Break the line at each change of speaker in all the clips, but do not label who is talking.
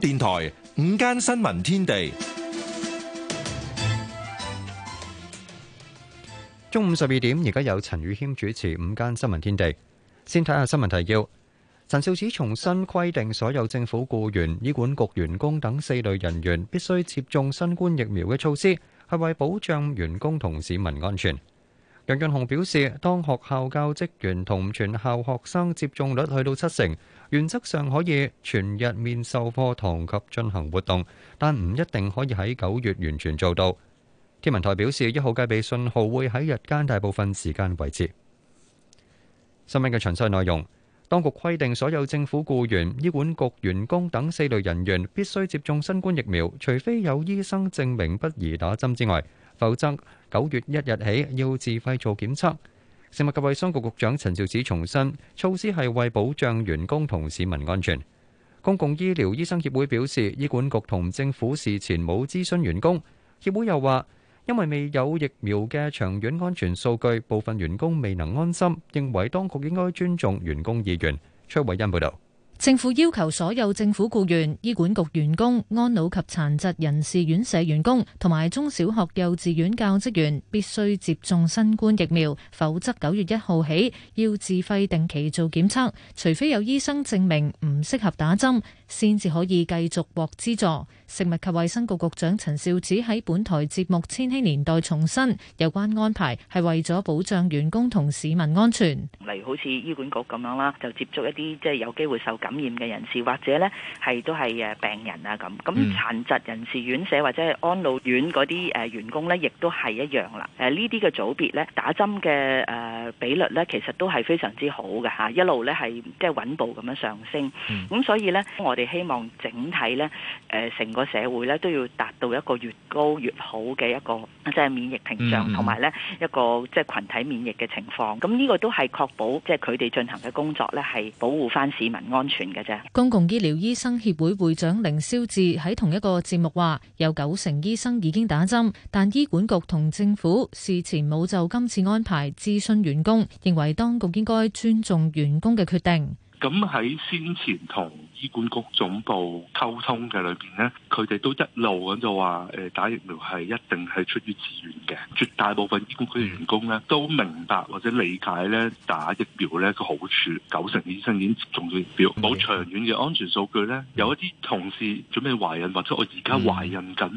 電台午間新聞天地，
中午十二點，而家有陳宇謙主持午間新聞天地。先睇下新聞提要：陳肇始重新規定所有政府僱員、醫管局員工等四類人員必須接種新冠疫苗嘅措施，係為保障員工同市民安全。楊潤雄表示，當學校教職員同全校學生接種率去到七成，原則上可以全日面授課堂及進行活動，但唔一定可以喺九月完全做到。天文台表示，一號戒備信號會喺日間大部分時間維持。新聞嘅詳細內容，當局規定所有政府雇員、醫管局員工等四類人員必須接種新冠疫苗，除非有醫生證明不宜打針之外。否則，九月一日起要自費做檢測。食物及衞生局局長陳肇始重申，措施係為保障員工同市民安全。公共醫療醫生協會表示，醫管局同政府事前冇諮詢員工。協會又話，因為未有疫苗嘅長遠安全數據，部分員工未能安心，認為當局應該尊重員工意願。崔偉恩報道。
政府要求所有政府僱員、醫管局員工、安老及殘疾人士院舍員工同埋中小學、幼稚園教職員必須接種新冠疫苗，否則九月一號起要自費定期做檢測，除非有醫生證明唔適合打針，先至可以繼續獲資助。食物及衛生局局長陳肇始喺本台節目《千禧年代》重申，有關安排係為咗保障員工同市民安全。
例如好似醫管局咁樣啦，就接觸一啲即係有機會受感染嘅人士，或者呢係都係誒病人啊咁。咁殘疾人士院舍或者係安老院嗰啲誒員工呢，亦都係一樣啦。誒呢啲嘅組別呢，打針嘅誒比率呢，其實都係非常之好嘅吓，一路呢係即係穩步咁樣上升。咁所以呢，我哋希望整體咧，誒、呃，成個社會咧都要達到一個越高越好嘅一個即係、就是、免疫屏障，同埋咧一個即係、就是、群體免疫嘅情況。咁、這、呢個都係確保即係佢哋進行嘅工作咧，係保護翻市民安全嘅啫。
公共醫療醫生協會會長凌霄志喺同一個節目話：有九成醫生已經打針，但醫管局同政府事前冇就今次安排諮詢員工，認為當局應該尊重員工嘅決定。
咁喺先前同。醫管局總部溝通嘅裏邊呢，佢哋都一路咁就話，誒打疫苗係一定係出於自願嘅。絕大部分醫管局嘅員工呢都明白或者理解咧打疫苗咧個好處。九成醫生已經接種咗疫
苗。冇、嗯、長遠嘅安全數據咧，有一啲同事準備懷孕或者我而家懷孕緊。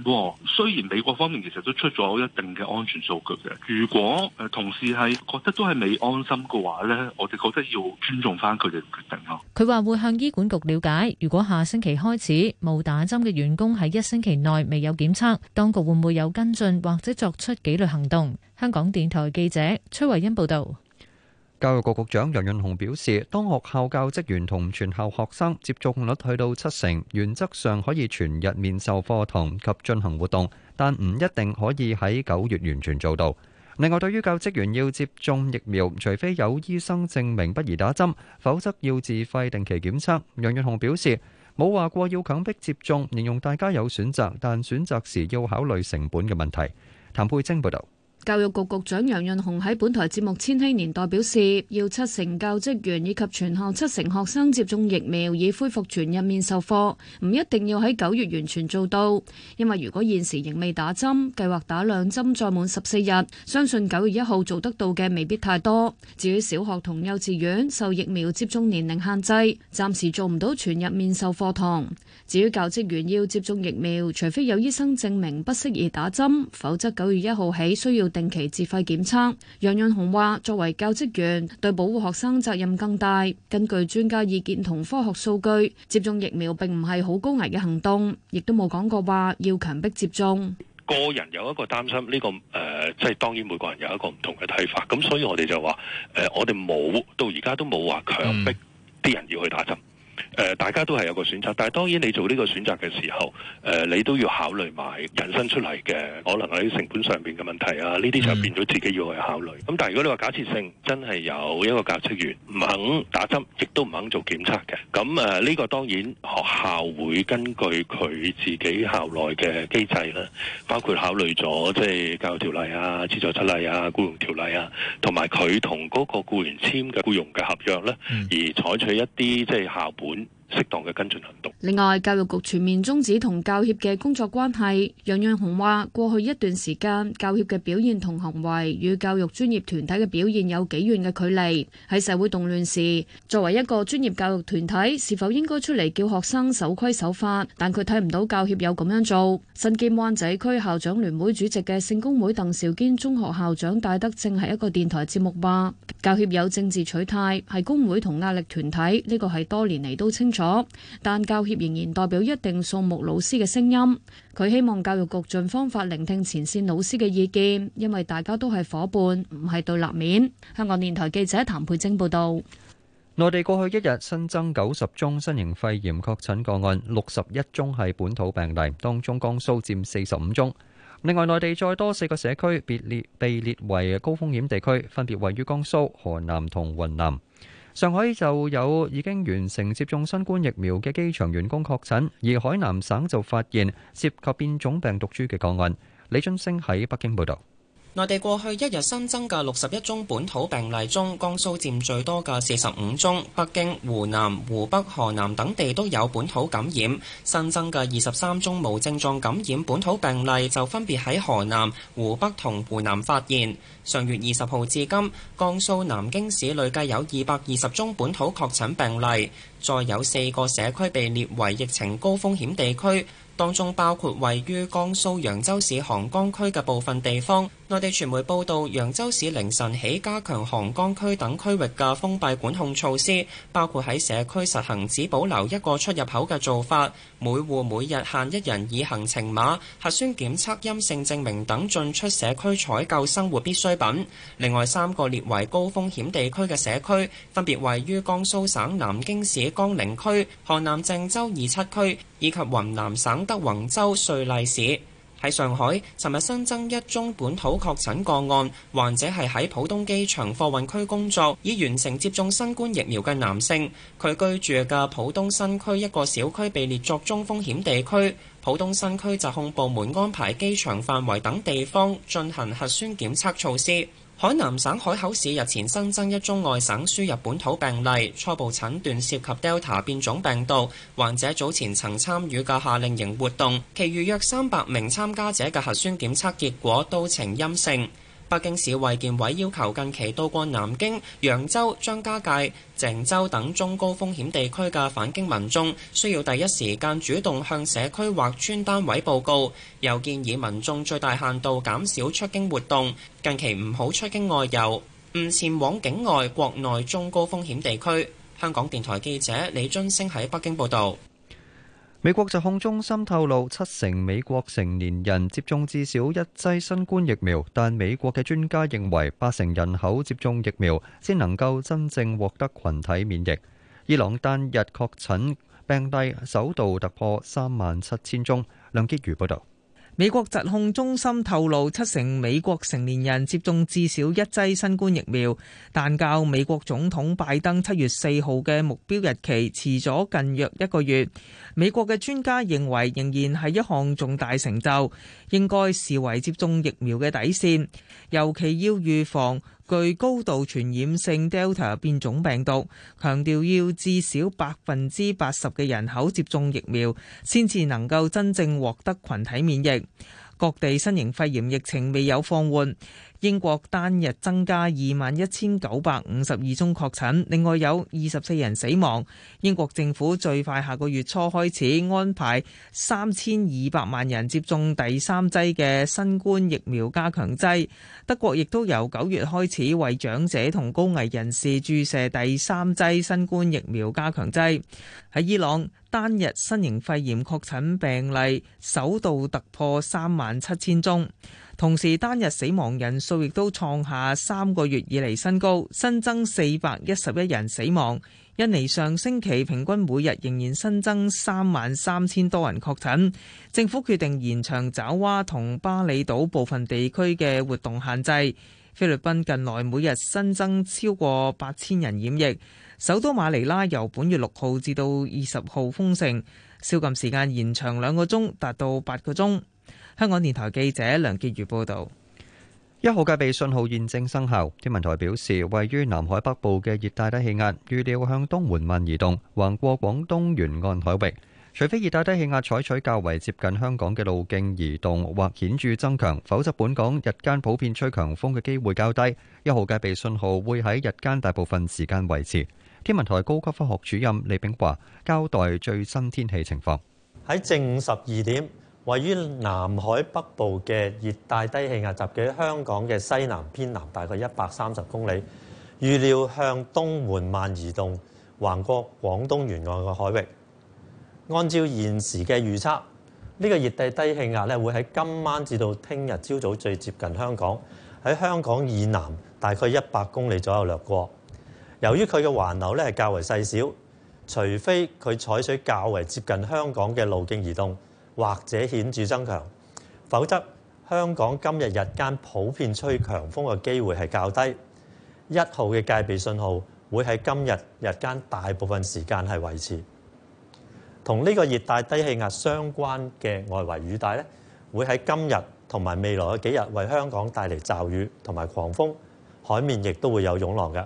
雖然美國方面其實都出咗一定嘅安全數據嘅。如果誒同事係覺得都係未安心嘅話咧，我哋覺得要尊重翻佢哋嘅決定咯。
佢
話會向醫管局了解。如果下星期開始冇打針嘅員工喺一星期內未有檢測，當局會唔會有跟進或者作出紀律行動？香港電台記者崔慧欣報道。
教育局局長楊潤雄表示，當學校教職員同全校學生接種率去到七成，原則上可以全日面授課堂及進行活動，但唔一定可以喺九月完全做到。另外，對於教職員要接種疫苗，除非有醫生證明不宜打針，否則要自費定期檢測。楊潤雄表示，冇話過要強迫接種，形容大家有選擇，但選擇時要考慮成本嘅問題。譚佩晶報導。
教育局局長楊潤雄喺本台節目《千禧年代》表示，要七成教職員以及全校七成學生接種疫苗，以恢復全日面授課，唔一定要喺九月完全做到，因為如果現時仍未打針，計劃打兩針再滿十四日，相信九月一號做得到嘅未必太多。至於小學同幼稚園，受疫苗接種年齡限制，暫時做唔到全日面授課堂。至於教職員要接種疫苗，除非有醫生證明不適宜打針，否則九月一號起需要定期自費檢測。楊潤雄話，作為教職員，對保護學生責任更大。根據專家意見同科學數據，接種疫苗並唔係好高危嘅行動，亦都冇講過話要強迫接種。
個人有一個擔心，呢個誒，即係當然每個人有一個唔同嘅睇法，咁所以我哋就話，誒，我哋冇到而家都冇話強迫啲人要去打針。呃、大家都係有個選擇，但係當然你做呢個選擇嘅時候，誒、呃，你都要考慮埋引申出嚟嘅可能喺成本上面嘅問題啊，呢啲就變咗自己要去考慮。咁但係如果你話假設性真係有一個教職員唔肯打針，亦都唔肯做檢測嘅，咁誒呢個當然學校會根據佢自己校內嘅機制啦，包括考慮咗即係教育條例啊、資助則例啊、僱傭條例啊，同埋佢同嗰個僱員簽嘅僱傭嘅合約咧，而採取一啲即係校本適當嘅跟進
行動。另外，教育局全面終止同教協嘅工作關係。楊潤雄話：過去一段時間，教協嘅表現同行為與教育專業團體嘅表現有幾遠嘅距離。喺社會動亂時，作為一個專業教育團體，是否應該出嚟叫學生守規守法？但佢睇唔到教協有咁樣做。身兼灣仔區校長聯會主席嘅聖公會鄧兆堅中學校長戴德正係一個電台節目話：教協有政治取態，係工會同壓力團體，呢個係多年嚟都清楚。但教協仍然代表一定數目老師嘅聲音，佢希望教育局盡方法聆聽前線老師嘅意見，因為大家都係伙伴，唔係對立面。香港電台記者譚佩晶報道，
內地過去一日新增九十宗新型肺炎確診個案，六十一宗係本土病例，當中江蘇占四十五宗。另外，內地再多四個社區被列被列為高風險地區，分別位於江蘇、河南同雲南。上海就有已經完成接種新冠疫苗嘅機場員工確診，而海南省就發現涉及變種病毒株嘅個案。李俊升喺北京報導。
內地過去一日新增嘅六十一宗本土病例中，江蘇佔最多嘅四十五宗，北京、湖南、湖北、河南等地都有本土感染。新增嘅二十三宗無症狀感染本土病例就分別喺河南、湖北同湖南發現。上月二十號至今，江蘇南京市累計有二百二十宗本土確診病例。再有四個社區被列為疫情高風險地區，當中包括位於江蘇揚州市邗江區嘅部分地方。內地傳媒報道，揚州市凌晨起加強邗江區等區域嘅封閉管控措施，包括喺社區實行只保留一個出入口嘅做法，每戶每日限一人以行程碼、核酸檢測陰性證明等進出社區採購生活必需品。另外三個列為高風險地區嘅社區，分別位於江蘇省南京市、江陵區、河南鄭州二七區以及雲南省德宏州瑞麗市。喺上海，尋日新增一宗本土確診個案，患者係喺浦東機場貨運區工作，已完成接種新冠疫苗嘅男性。佢居住嘅浦東新區一個小區被列作中風險地區，浦東新區疾控部門安排機場範圍等地方進行核酸檢測措施。海南省海口市日前新增一宗外省輸入本土病例，初步診斷涉及 Delta 變種病毒。患者早前曾參與嘅夏令營活動，其餘約三百名參加者嘅核酸檢測結果都呈陰性。北京市衛健委要求近期到過南京、揚州、張家界、鄭州等中高風險地區嘅返京民眾，需要第一時間主動向社區或村單位報告。又建議民眾最大限度減少出京活動，近期唔好出京外遊，唔前往境外、國內中高風險地區。香港電台記者李津星喺北京報道。
美國疾控中心透露，七成美國成年人接種至少一劑新冠疫苗，但美國嘅專家認為，八成人口接種疫苗先能夠真正獲得群體免疫。伊朗單日確診病例首度突破三萬七千宗，梁潔如報導。
美國疾控中心透露，七成美國成年人接種至少一劑新冠疫苗，但較美國總統拜登七月四號嘅目標日期遲咗近約一個月。美國嘅專家認為，仍然係一項重大成就，應該視為接種疫苗嘅底線，尤其要預防。具高度傳染性 Delta 變種病毒，強調要至少百分之八十嘅人口接種疫苗，先至能夠真正獲得群體免疫。各地新型肺炎疫情未有放緩。英國單日增加二萬一千九百五十二宗確診，另外有二十四人死亡。英國政府最快下個月初開始安排三千二百萬人接種第三劑嘅新冠疫苗加強劑。德國亦都由九月開始為長者同高危人士注射第三劑新冠疫苗加強劑。喺伊朗，單日新型肺炎確診病例首度突破三萬七千宗。同時，單日死亡人數亦都創下三個月以嚟新高，新增四百一十一人死亡。印尼上星期平均每日仍然新增三萬三千多人確診。政府決定延長爪哇同巴厘島部分地區嘅活動限制。菲律賓近來每日新增超過八千人染疫。首都馬尼拉由本月六號至到二十號封城，宵禁時間延長兩個鐘，達到八個鐘。香港電台記者梁潔如報道：一號戒備信號現正生效。天
文台表示，位於南海北部嘅熱帶低氣壓預料向東緩慢移動，橫過廣東沿岸海域。除非熱帶低氣壓採取較為接近香港嘅路徑移動或顯著增強，否則本港日間普遍吹強風嘅機會較低。一號戒備信號會喺日間大部分時間維持。天文台高級科學主任李炳華交代最新天氣情況：
喺正午十二點。位於南海北部嘅熱帶低氣壓，集結喺香港嘅西南偏南，大概一百三十公里。預料向東緩慢移動，橫過廣東沿岸嘅海域。按照現時嘅預測，呢個熱帶低氣壓咧會喺今晚至到聽日朝早最接近香港，喺香港以南大概一百公里左右掠過。由於佢嘅環流咧係較為細小，除非佢採取較為接近香港嘅路徑移動。或者顯著增強，否則香港今日日間普遍吹強風嘅機會係較低。一號嘅戒備信號會喺今日日間大部分時間係維持。同呢個熱帶低氣壓相關嘅外圍雨帶咧，會喺今日同埋未來嘅幾日為香港帶嚟驟雨同埋狂風，海面亦都會有湧浪㗎。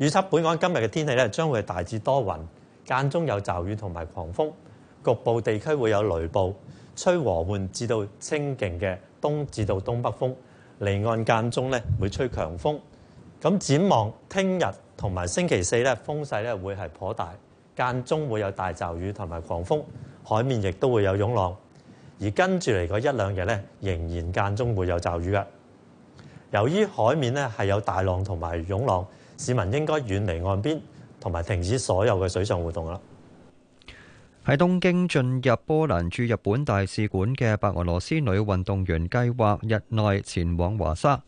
預測本港今日嘅天氣咧，將會大致多雲，間中有驟雨同埋狂風。局部地區會有雷暴，吹和緩至到清勁嘅東至到東北風，離岸間中咧會吹強風。咁展望聽日同埋星期四咧，風勢咧會係頗大，間中會有大驟雨同埋狂風，海面亦都會有湧浪。而跟住嚟嗰一兩日咧，仍然間中會有驟雨嘅。由於海面咧係有大浪同埋湧浪，市民應該遠離岸邊同埋停止所有嘅水上活動啦。
喺東京進入波蘭駐日本大使館嘅白俄羅斯女運動員計劃日內前往華沙。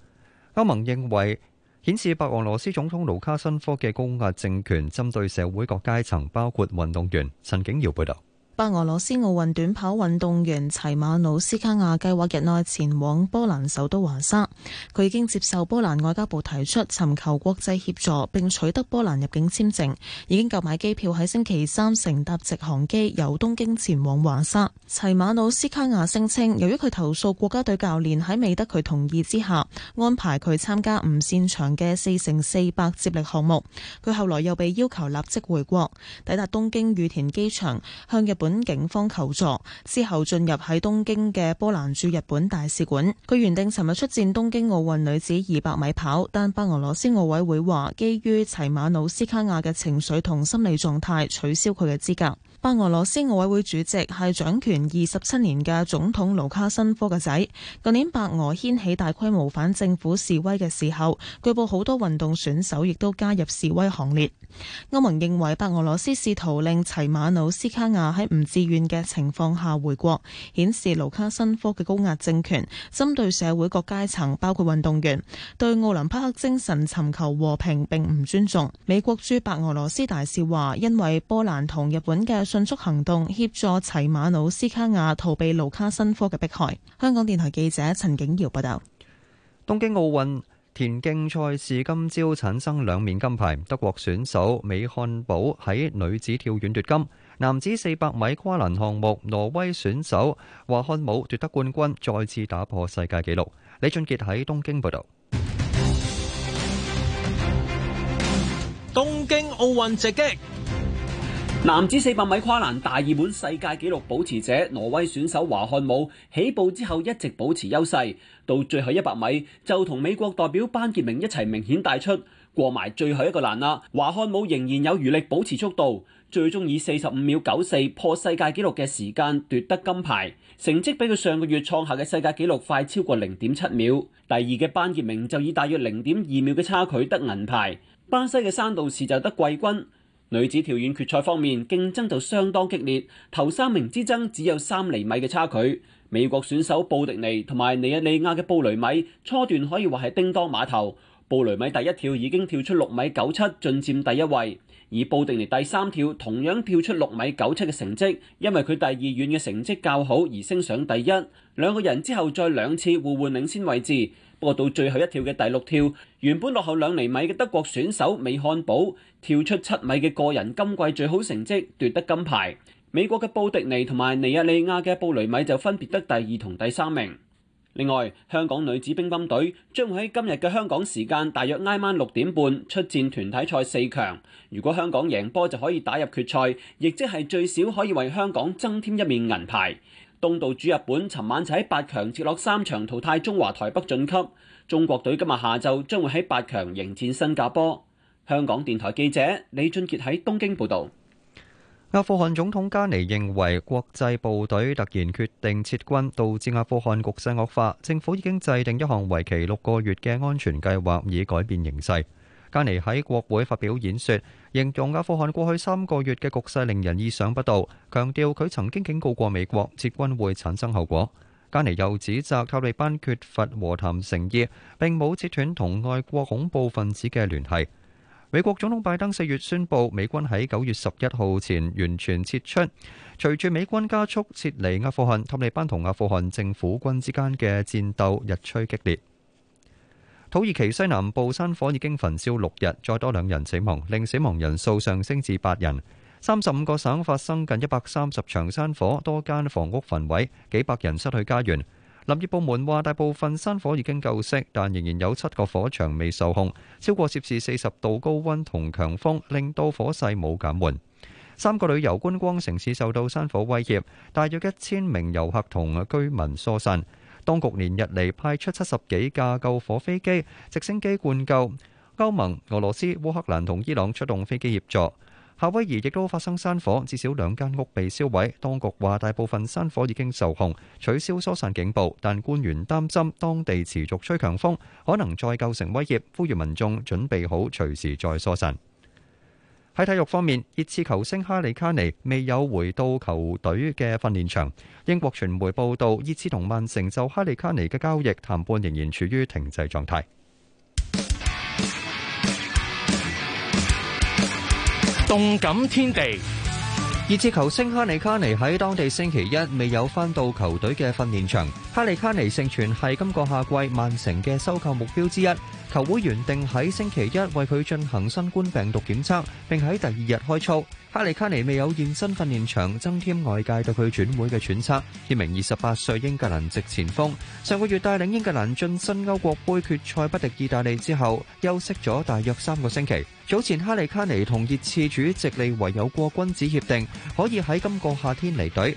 歐盟認為顯示白俄羅斯總統盧卡申科嘅高壓政權針對社會各階層，包括運動員。陳景堯報道。
白俄羅斯奧運短跑運動員齊馬努斯卡亞計劃日內前往波蘭首都華沙。佢已經接受波蘭外交部提出尋求國際協助並取得波蘭入境簽證，已經購買機票喺星期三乘搭直航機由東京前往華沙。齊馬努斯卡亞聲稱，由於佢投訴國家隊教練喺未得佢同意之下安排佢參加唔擅長嘅四乘四百接力項目，佢後來又被要求立即回國，抵達東京羽田機場向日本本警方求助之後進入喺東京嘅波蘭駐日本大使館，佢原定尋日出戰東京奧運女子二百米跑，但白俄羅斯奧委會話，基於齊馬努斯卡亞嘅情緒同心理狀態，取消佢嘅資格。白俄羅斯奧委會主席係掌權二十七年嘅總統盧卡申科嘅仔。去年白俄掀起大規模反政府示威嘅時候，據報好多運動選手亦都加入示威行列。歐盟認為白俄羅斯試圖令齊馬努斯卡亞喺唔自願嘅情況下回國，顯示盧卡申科嘅高壓政權針對社會各階層，包括運動員，對奧林匹克精神尋求和平並唔尊重。美國駐白俄羅斯大使話：因為波蘭同日本嘅。迅速行動協助齊馬努斯卡亞逃避盧卡申科嘅迫害。香港電台記者陳景瑤報道。
東京奧運田徑賽事今朝產生兩面金牌，德國選手美漢堡喺女子跳遠奪金，男子四百米跨欄項目挪威選手華漢姆奪得冠軍，再次打破世界紀錄。李俊傑喺東京報道。
東京奧運直擊。
男子四百米跨欄大熱門、世界紀錄保持者挪威選手華漢姆起步之後，一直保持優勢，到最後一百米就同美國代表班傑明一齊明顯帶出，過埋最後一個欄啦。華漢姆仍然有餘力保持速度，最終以四十五秒九四破世界紀錄嘅時間奪得金牌，成績比佢上個月創下嘅世界紀錄快超過零點七秒。第二嘅班傑明就以大約零點二秒嘅差距得銀牌，巴西嘅山道士就得季軍。女子跳遠決賽方面，競爭就相當激烈，頭三名之爭只有三厘米嘅差距。美國選手布迪尼同埋尼日利亞嘅布雷米，初段可以話係叮噹馬頭。布雷米第一跳已經跳出六米九七，進佔第一位，而布迪尼第三跳同樣跳出六米九七嘅成績，因為佢第二遠嘅成績較好而升上第一。兩個人之後再兩次互換領先位置。過到最後一跳嘅第六跳，原本落後兩厘米嘅德國選手美漢堡跳出七米嘅個人今季最好成績，奪得金牌。美國嘅布迪尼同埋尼日利亞嘅布雷米就分別得第二同第三名。另外，香港女子乒乓隊將會喺今日嘅香港時間大約挨晚六點半出戰團體賽四強。如果香港贏波就可以打入決賽，亦即係最少可以為香港增添一面銀牌。東道主日本尋晚就喺八強直落三場淘汰，中華台北晉級。中國隊今日下晝將會喺八強迎戰新加坡。香港電台記者李俊杰喺東京報道。
阿富汗總統加尼認為，國際部隊突然決定撤軍，導致阿富汗局勢惡化。政府已經制定一項為期六個月嘅安全計劃，以改變形勢。加尼喺國會發表演說，形容阿富汗過去三個月嘅局勢令人意想不到，強調佢曾經警告過美國撤軍會產生後果。加尼又指責塔利班缺乏和談誠意，並冇截斷同外國恐怖分子嘅聯繫。美國總統拜登四月宣布，美軍喺九月十一號前完全撤出。隨住美軍加速撤離阿富汗，塔利班同阿富汗政府軍之間嘅戰鬥日趨激烈。土耳其西南部山火已經焚燒六日，再多兩人死亡，令死亡人數上升至八人。三十五個省發生近一百三十場山火，多間房屋焚毀，幾百人失去家園。林業部門話，大部分山火已經救熄，但仍然有七個火場未受控。超過攝氏四十度高溫同強風，令到火勢冇減緩。三個旅遊觀光城市受到山火威脅，大約一千名遊客同居民疏散。當局連日嚟派出七十幾架救火飛機、直升機灌救。歐盟、俄羅斯、烏克蘭同伊朗出動飛機協助。夏威夷亦都發生山火，至少兩間屋被燒毀。當局話大部分山火已經受控，取消疏散警報，但官員擔心當地持續吹強風，可能再構成威脅，呼籲民眾準備好隨時再疏散。喺體育方面，熱刺球星哈利卡尼未有回到球隊嘅訓練場。英國傳媒報道，熱刺同曼城就哈利卡尼嘅交易談判仍然處於停滯狀態。動感天地，熱刺球星哈利卡尼喺當地星期一未有翻到球隊嘅訓練場。哈利卡尼盛傳係今個夏季曼城嘅收購目標之一。球會原定喺星期一為佢進行新冠病毒檢測，並喺第二日開操。哈利卡尼未有現身訓練場，增添外界對佢轉會嘅揣測。一名二十八歲英格蘭籍前鋒上個月帶領英格蘭晉身歐國杯決賽，不敵意大利之後休息咗大約三個星期。早前哈利卡尼同熱刺主席利維有過君子協定，可以喺今個夏天離隊。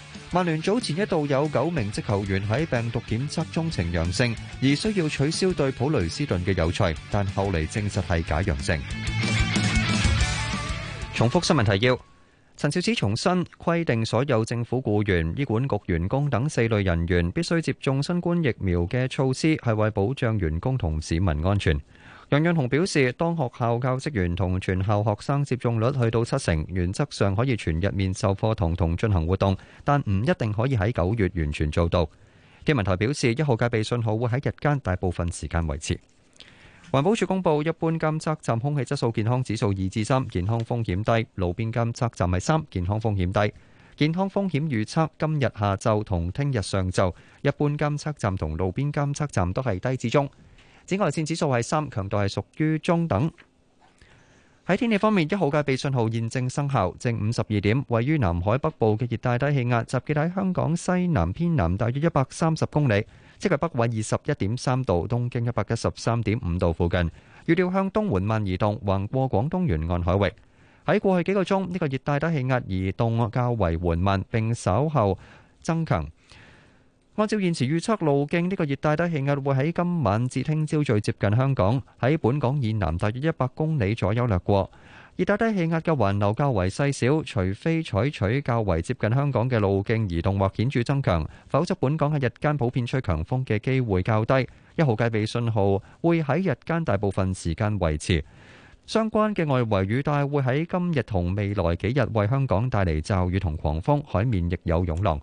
曼聯早前一度有九名職球員喺病毒檢測中呈陽性，而需要取消對普雷斯頓嘅友賽，但後嚟證實係假陽性。重複新聞提要：陳肇始重申規定所有政府僱員、醫管局員工等四類人員必須接種新冠疫苗嘅措施，係為保障員工同市民安全。楊潤雄表示，當學校教職員同全校學生接種率去到七成，原則上可以全日面授課堂同，同進行活動，但唔一定可以喺九月完全做到。天文台表示，一號戒備信號會喺日間大部分時間維持。環保署公布，一般監測站空氣質素健康指數二至三，3, 健康風險低；路邊監測站係三，健康風險低。健康風險預測今日下晝同聽日上晝，一般監測站同路邊監測站都係低至中。紫外線指數係三，強度係屬於中等。喺天氣方面，一號戒備信號現正生效，正午十二點，位於南海北部嘅熱帶低氣壓集結喺香港西南偏南大約一百三十公里，即係北緯二十一點三度，東經一百一十三點五度附近。預料向東緩慢移動，橫過廣東沿岸海域。喺過去幾個鐘，呢個熱帶低氣壓移動較為緩慢，並稍後增強。按照現時預測路徑，呢個熱帶低氣壓會喺今晚至聽朝最接近香港，喺本港以南大約一百公里左右掠過。熱帶低氣壓嘅環流較為細小，除非採取較為接近香港嘅路徑移動或顯著增強，否則本港喺日間普遍吹強風嘅機會較低。一號戒備信號會喺日間大部分時間維持。相關嘅外圍雨帶會喺今日同未來幾日為香港帶嚟驟雨同狂風，海面亦有湧浪。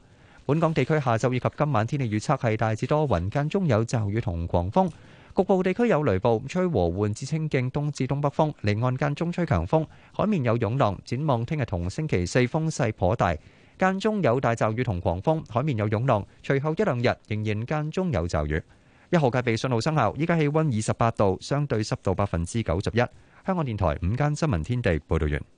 本港地區下晝以及今晚天氣預測係大致多雲，間中有驟雨同狂風，局部地區有雷暴。吹和緩至清勁東至東北風，離岸間中吹強風，海面有湧浪。展望聽日同星期四風勢頗大，間中有大驟雨同狂風，海面有湧浪。隨後一兩日仍然間中有驟雨。一號戒備信號生效。依家氣温二十八度，相對濕度百分之九十一。香港電台午間新聞天地，報道完。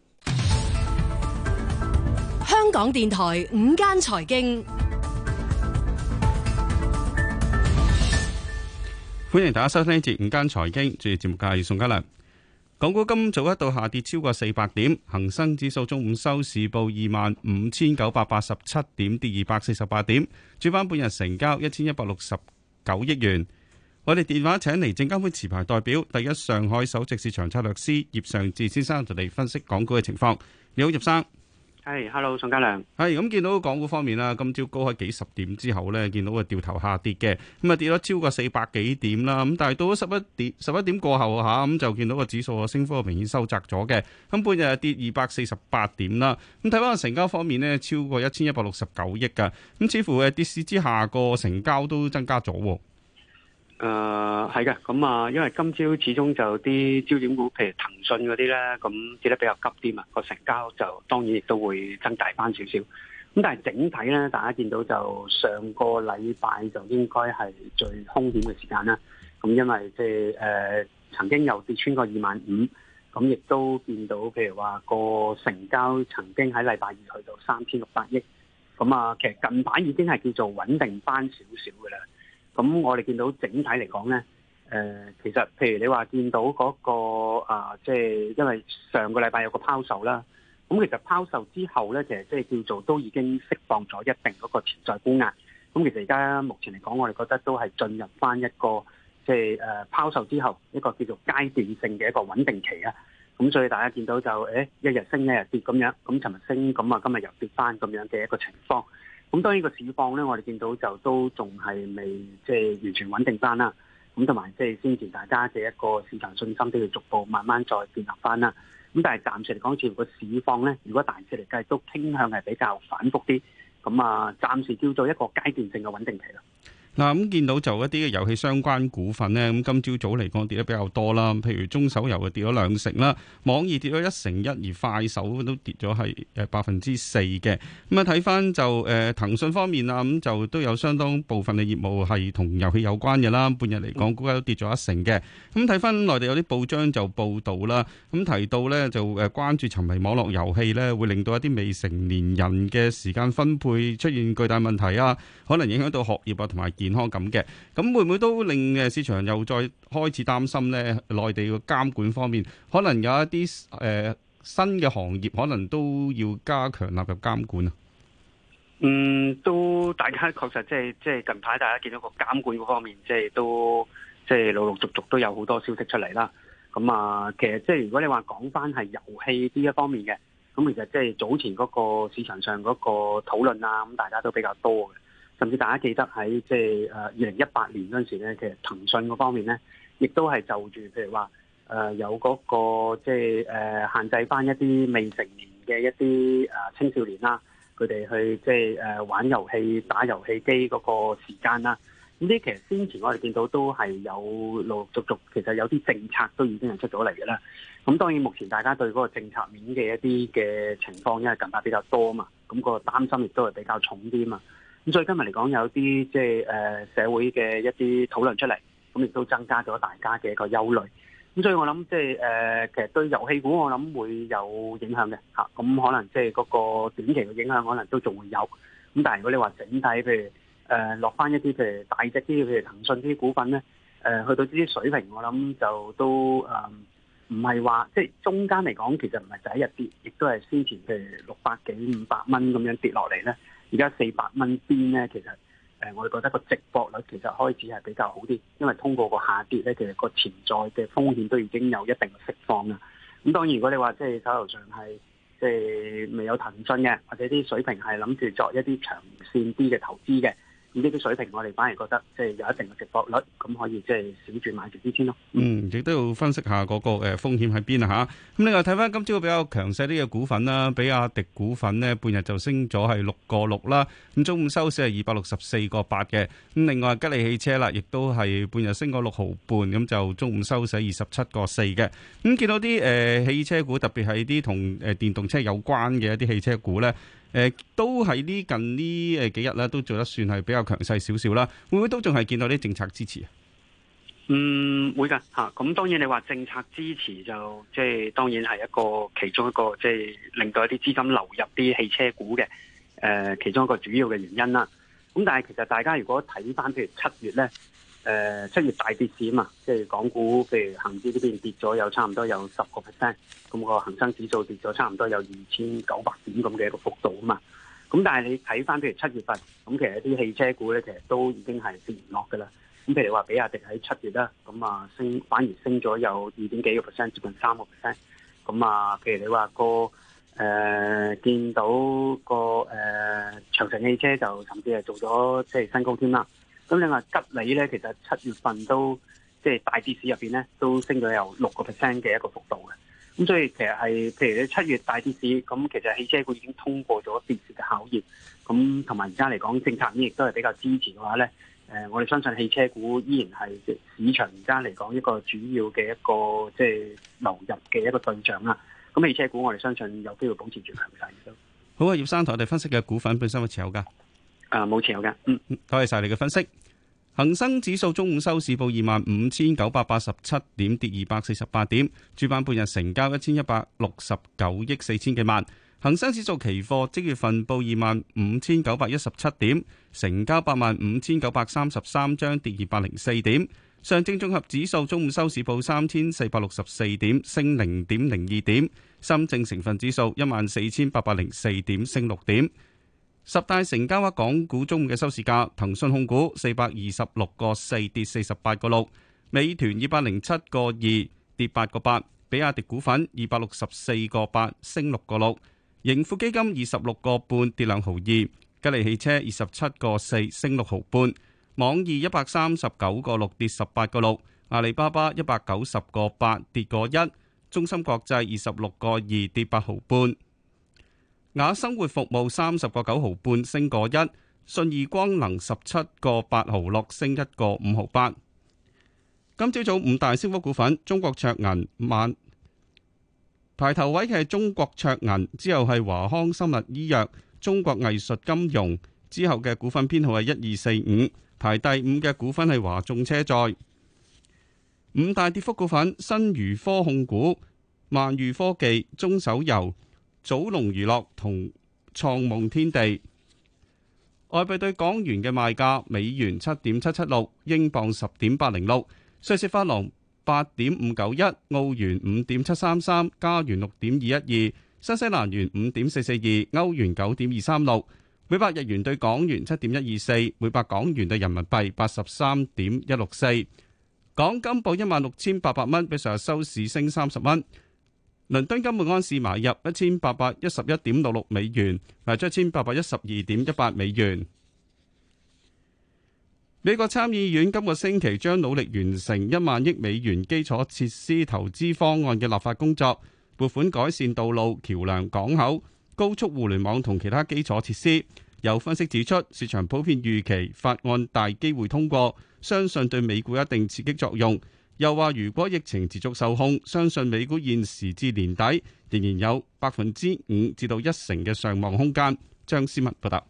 香港電台五間財經，
歡迎大家收聽呢節五間財經。主持節目嘅係宋嘉良。港股今早一度下跌超過四百點，恒生指數中午收市報二萬五千九百八十七點，跌二百四十八點。轉返半日成交一千一百六十九億元。我哋電話請嚟證監會持牌代表、第一上海首席市場策略師葉尚志先生，同你分析港股嘅情況。你好，葉生。係，hello，宋家良。係，咁見到港股方面啦，今朝高開幾十點之後咧，見到個掉頭下跌嘅，咁啊跌咗超過四百幾點啦，咁但係到咗十一點，十一點過後吓，咁就見到個指數啊升幅明顯收窄咗嘅，咁半日跌二百四十八點啦，咁睇翻個成交方面咧，超過一千一百六十九億噶，咁似乎誒跌市之下個成交都增加咗。
誒，係嘅、呃，咁啊、嗯，因為今朝始終就啲焦點股，譬如騰訊嗰啲咧，咁跌得比較急啲嘛，個成交就當然亦都會增大翻少少。咁但係整體咧，大家見到就上個禮拜就應該係最凶險嘅時間啦。咁、嗯、因為即係誒，曾經又跌穿過二萬五，咁亦都見到，譬如話個成交曾經喺禮拜二去到三千六百億，咁、嗯、啊、嗯，其實近排已經係叫做穩定翻少少嘅啦。咁我哋見到整體嚟講呢，誒、呃、其實，譬如你話見到嗰、那個啊，即、呃、係、就是、因為上個禮拜有個拋售啦，咁其實拋售之後呢，其實即係叫做都已經釋放咗一定嗰個潛在沽壓。咁其實而家目前嚟講，我哋覺得都係進入翻一個即係誒拋售之後一個叫做階段性嘅一個穩定期啊。咁所以大家見到就誒、欸、一日升一日跌咁樣，咁尋日升，咁啊今日又跌翻咁樣嘅一個情況。咁當然個市況咧，我哋見到就都仲係未即係、就是、完全穩定翻啦。
咁同埋
即係先前大家嘅一個市場信心都要逐步慢慢再建立翻啦。咁但係暫時嚟講，似乎個市況咧，如果大致嚟計都傾向係比較反覆啲。咁啊，暫時叫做一個階段性嘅穩定期啦。
嗱，咁見到就一啲嘅遊戲相關股份呢，咁今朝早嚟講跌得比較多啦。譬如中手游嘅跌咗兩成啦，網易跌咗一成一，而快手都跌咗係誒百分之四嘅。咁啊，睇翻就誒騰訊方面啊，咁就都有相當部分嘅業務係同遊戲有關嘅啦。半日嚟講，股價都跌咗一成嘅。咁睇翻內地有啲報章就報導啦，咁提到呢，就誒關注沉迷網絡遊戲呢，會令到一啲未成年人嘅時間分配出現巨大問題啊，可能影響到學業啊同埋健健康咁嘅，咁會唔會都令誒市場又再開始擔心咧？內地個監管方面，可能有一啲誒、呃、新嘅行業，可能都要加強納入監管啊。嗯，
都大家確實即係即係近排大家見到個監管個方面即係，即係都即係陸陸續續都有好多消息出嚟啦。咁啊，其實即係如果你話講翻係遊戲呢一方面嘅，咁其實即係早前嗰個市場上嗰個討論啊，咁大家都比較多嘅。甚至大家記得喺即係誒二零一八年嗰陣時咧，其實騰訊嗰方面咧，亦都係就住譬如話誒有嗰個即係誒限制返一啲未成年嘅一啲誒青少年啦，佢哋去即係誒玩遊戲、打遊戲機嗰個時間啦。呢啲其實先前我哋見到都係有陸陸續續，其實有啲政策都已經係出咗嚟嘅啦。咁當然目前大家對嗰個政策面嘅一啲嘅情況，因為近排比較多啊嘛，咁個擔心亦都係比較重啲啊嘛。咁所以今日嚟講有啲即係誒社會嘅一啲討論出嚟，咁亦都增加咗大家嘅一個憂慮。咁所以我諗即係誒其實對遊戲股我諗會有影響嘅嚇，咁可能即係嗰個短期嘅影響可能都仲會有。咁但係如果你話整體，譬如誒落翻一啲譬如大隻啲譬如騰訊啲股份咧，誒去到呢啲水平，我諗就都誒唔係話即係中間嚟講其實唔係就一日跌，亦都係先前譬如六百幾五百蚊咁樣跌落嚟咧。而家四百蚊邊咧，其實誒我哋覺得個直播率其實開始係比較好啲，因為通過個下跌咧，其實個潛在嘅風險都已經有一定嘅釋放啦。咁當然，如果你話即係手頭上係即係未有騰訊嘅，或者啲水平係諗住作一啲長線啲嘅投資嘅。呢啲水平，我哋反而覺得即係有一定
嘅值博率，咁可以即係少轉買住啲先咯。嗯，亦都要分析下嗰個誒風險喺邊啊？嚇，咁另外睇翻今朝比較強勢啲嘅股份啦，比亞迪股份咧半日就升咗係六個六啦，咁中午收市係二百六十四個八嘅。咁另外吉利汽車啦，亦都係半日升咗六毫半，咁就中午收市二十七個四嘅。咁見到啲誒汽車股，特別係啲同誒電動車有關嘅一啲汽車股咧。誒、呃，都喺呢近呢誒幾日啦，都做得算係比較強勢少少啦，會唔會都仲係見到啲政策支持啊？
嗯，會噶吓，咁、啊、當然你話政策支持就即係、就是、當然係一個其中一個即係、就是、令到一啲資金流入啲汽車股嘅誒、呃、其中一個主要嘅原因啦。咁但係其實大家如果睇翻譬如七月咧。誒、呃，七月大跌市啊嘛，即係港股，譬如恒指呢邊跌咗有差唔多有十個 percent，咁個恒生指數跌咗差唔多有二千九百點咁嘅一個幅度啊嘛。咁但係你睇翻譬如七月份，咁其實啲汽車股咧，其實都已經係跌唔落噶啦。咁譬如話比亞迪喺七月啦，咁啊升反而升咗有二點幾個 percent，接近三個 percent。咁啊，譬如你話個誒、呃、見到個誒、呃、長城汽車就甚至係做咗即係新高添啦。咁另外吉利咧，其實七月份都即係大跌市入面咧，都升咗有六個 percent 嘅一個幅度嘅。咁所以其實係譬如你七月大跌市，咁其實汽車股已經通過咗跌市嘅考驗。咁同埋而家嚟講，政策呢亦都係比較支持嘅話咧，誒，我哋相信汽車股依然係市場而家嚟講一個主要嘅一個即係、就是、流入嘅一個對象啦。咁汽車股我哋相信有機會保持住強勢。好啊，葉
生同我哋分析嘅股份本身有持有噶？啊，冇持有㗎。嗯，多謝晒你嘅分析。恒生指數中午收市報二萬五千九百八十七點，跌二百四十八點。主板半日成交一千一百六十九億四千幾萬。恒生指數期貨即月份報二萬五千九百一十七點，成交八萬五千九百三十三張，跌二百零四點。上證綜合指數中午收市報三千四百六十四點，升零點零二點。深證成分指數一萬四千八百零四點，升六點。十大成交額港股中午嘅收市價，騰訊控股四百二十六個四跌四十八個六，美團二百零七個二跌八個八，比亞迪股份二百六十四個八升六個六，盈富基金二十六個半跌兩毫二，吉利汽車二十七個四升六毫半，網易一百三十九個六跌十八個六，阿里巴巴一百九十個八跌個一，中芯國際二十六個二跌八毫半。雅生活服務三十個九毫半升個一，信義光能十七個八毫六升一個五毫八。今朝早，早五大升幅股份，中國卓銀萬排頭位嘅係中國卓銀，之後係華康生物醫藥、中國藝術金融，之後嘅股份編號係一二四五，排第五嘅股份係華眾車載。五大跌幅股份，新如科控股、萬裕科技、中手游。祖龍娛樂同創夢天地，外幣對港元嘅賣價：美元七點七七六，英鎊十點八零六，瑞士法郎八點五九一，澳元五點七三三，加元六點二一二，新西蘭元五點四四二，歐元九點二三六，每百日元對港元七點一二四，每百港元對人民幣八十三點一六四，港金報一萬六千八百蚊，比上日收市升三十蚊。倫敦金每安士買入一千八百一十一點六六美元，賣出一千八百一十二點一八美元。美國參議院今個星期將努力完成一萬億美元基礎設施投資方案嘅立法工作，撥款改善道路、橋梁、港口、高速互聯網同其他基礎設施。有分析指出，市場普遍預期法案大機會通過，相信對美股一定刺激作用。又話，如果疫情持續受控，相信美股現時至年底仍然有百分之五至到一成嘅上望空間。張思物報道，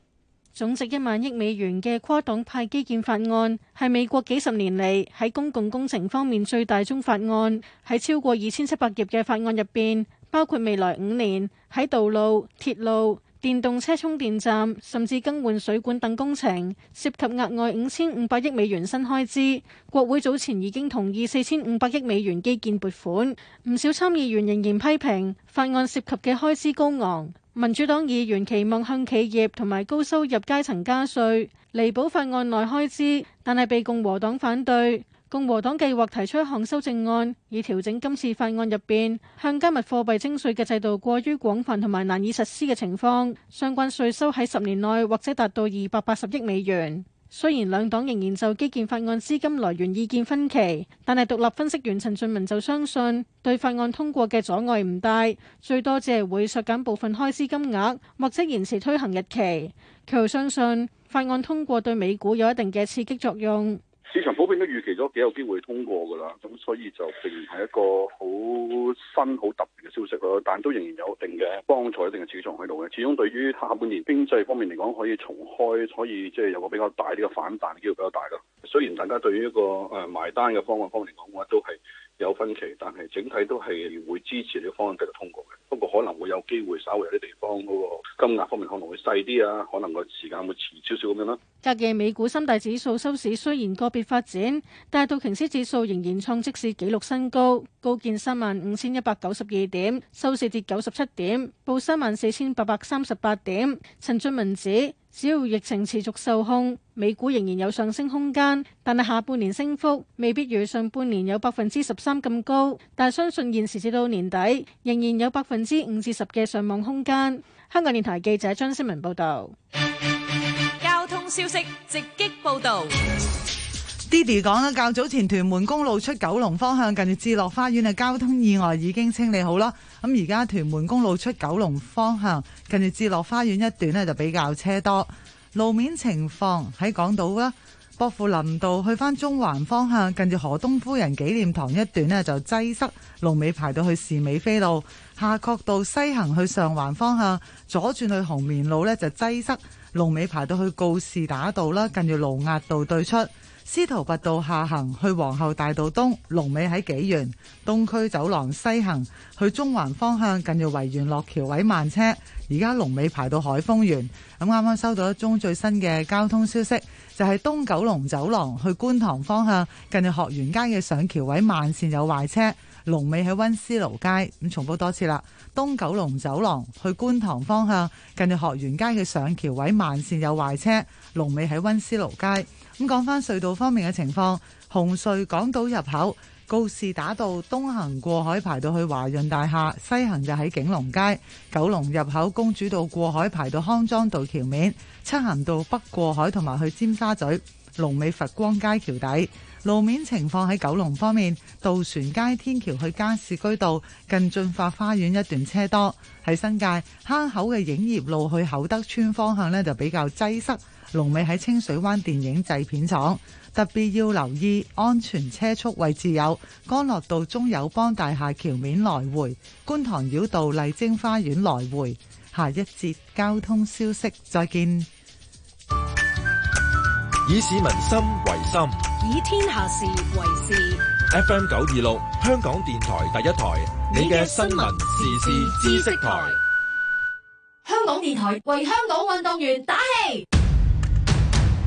總值一萬億美元嘅跨黨派基建法案係美國幾十年嚟喺公共工程方面最大宗法案，喺超過二千七百頁嘅法案入邊，包括未來五年喺道路、鐵路、電動車充電站甚至更換水管等工程，涉及額外五千五百億美元新開支。國會早前已經同意四千五百億美元基建撥款，唔少參議員仍然批評法案涉及嘅開支高昂。民主黨議員期望向企業同埋高收入階層加稅，彌補法案內開支，但係被共和黨反對。共和黨計劃提出一項修正案，以調整今次法案入面向加密貨幣徵稅嘅制度過於廣泛同埋難以實施嘅情況，相關稅收喺十年內或者達到二百八十億美元。雖然兩黨仍然就基建法案資金來源意見分歧，但係獨立分析員陳俊文就相信對法案通過嘅阻礙唔大，最多只係會削減部分開支金額或者延遲推行日期。佢又相信法案通過對美股有一定嘅刺激作用。
邊都預期咗幾有機會通過嘅啦，咁所以就並唔係
一
個好新、好特別嘅消息咯。但都仍然有定嘅幫助，一定係始終喺度嘅。始終對於下半年經濟方面嚟講，可以重開，可以即係有個比較大啲嘅反彈機會比較大咯。雖然大家對於一個誒埋單嘅方案方面嚟講嘅話，都係有分歧，但係整體都係會支持呢個方案繼續通過嘅。不過可能會有機會稍微有啲地方嗰個金額方面可能會細啲啊，可能個時間會遲少少咁樣咯。
隔夜美股三大指數收市雖然個別發展。但道瓊斯指數仍然創即市紀錄新高，高見三萬五千一百九十二點，收市跌九十七點，報三萬四千八百三十八點。陳俊文指，只要疫情持續受控，美股仍然有上升空間，但係下半年升幅未必如上半年有百分之十三咁高，但相信現時至到年底仍然有百分之五至十嘅上網空間。香港電台記者張思文報道。
交通消息直擊報道。Yes.
Diddy 講啦，較早前屯門公路出九龍方向近住置樂花園嘅交通意外已經清理好啦。咁而家屯門公路出九龍方向近住置樂花園一段呢就比較車多，路面情況，喺港島啦，薄扶林道去翻中環方向近住何東夫人紀念堂一段呢就擠塞，龍尾排到去士美菲路。夏慤道西行去上環方向左轉去紅棉路呢就擠塞，龍尾排到去告士打道啦，近住盧押道對出。司徒拔道下行去皇后大道東，龍尾喺紀元；東區走廊西行去中環方向，近住維園落橋位慢車，而家龍尾排到海豐園。咁啱啱收到一宗最新嘅交通消息，就係東九龍走廊去觀塘方向，近住學園街嘅上橋位慢綫有壞車，龍尾喺溫思勞街。咁重複多次啦，東九龍走廊去觀塘方向，近住學園街嘅上橋位慢綫有壞車，龍尾喺溫思勞街。咁講翻隧道方面嘅情況，紅隧港島入口告士打道東行過海排到去華潤大廈，西行就喺景隆街、九龍入口公主道過海排到康莊道橋面，漆咸道北過海同埋去尖沙咀龍尾佛光街橋底。路面情況喺九龍方面，渡船街天橋去加士居道近駿發花園一段車多，喺新界坑口嘅影業路去厚德村方向呢，就比較擠塞。龍尾喺清水灣電影製片廠，特別要留意安全車速位置有：干諾道中友邦大廈橋面來回、觀塘繞道麗晶花園來回。下一節交通消息，再見。以市
民心為心，
以天
下事為事。
FM 九二六，香港
電台第一台，你嘅新聞時事知識事台。
香港電台為香港運動員打氣。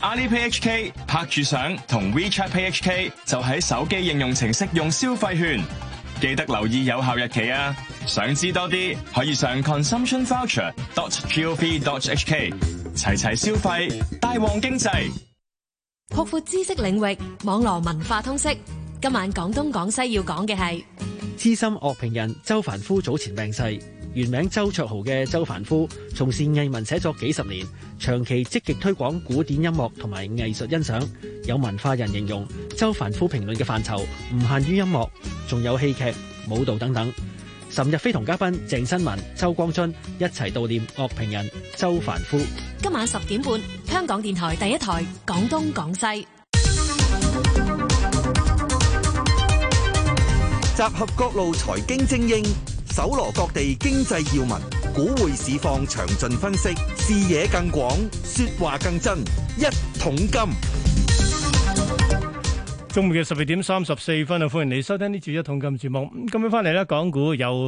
阿里 Pay HK 拍住相，同 WeChat Pay HK 就喺手機應用程式用消費券，記得留意有效日期啊！想知多啲，可以上 consumptionvoucher.dot.gov.dot.hk，
齊齊消費，大旺經濟，
擴闊知識領域，網絡文化通識。今晚廣東廣西要講嘅係，
資深樂評人周凡夫早前病逝。原名周卓豪嘅周凡夫，從事藝文寫作幾十年，長期積極推廣古典音樂同埋藝術欣賞。有文化人形容周凡夫評論嘅範疇唔限於音樂，仲有戲劇、舞蹈等等。岑日非同嘉賓鄭新文、周光春一齊悼念樂評人周凡夫。
今晚十點半，香港電台第一台講東講西，
集合各路財經精英。搜羅各地經濟要聞，股匯市況詳盡分析，視野更
廣，說話更真。一桶金，
中午嘅十二點三十四分啊！歡迎你收聽呢節一桶金節目。咁今日翻嚟啦，港股又。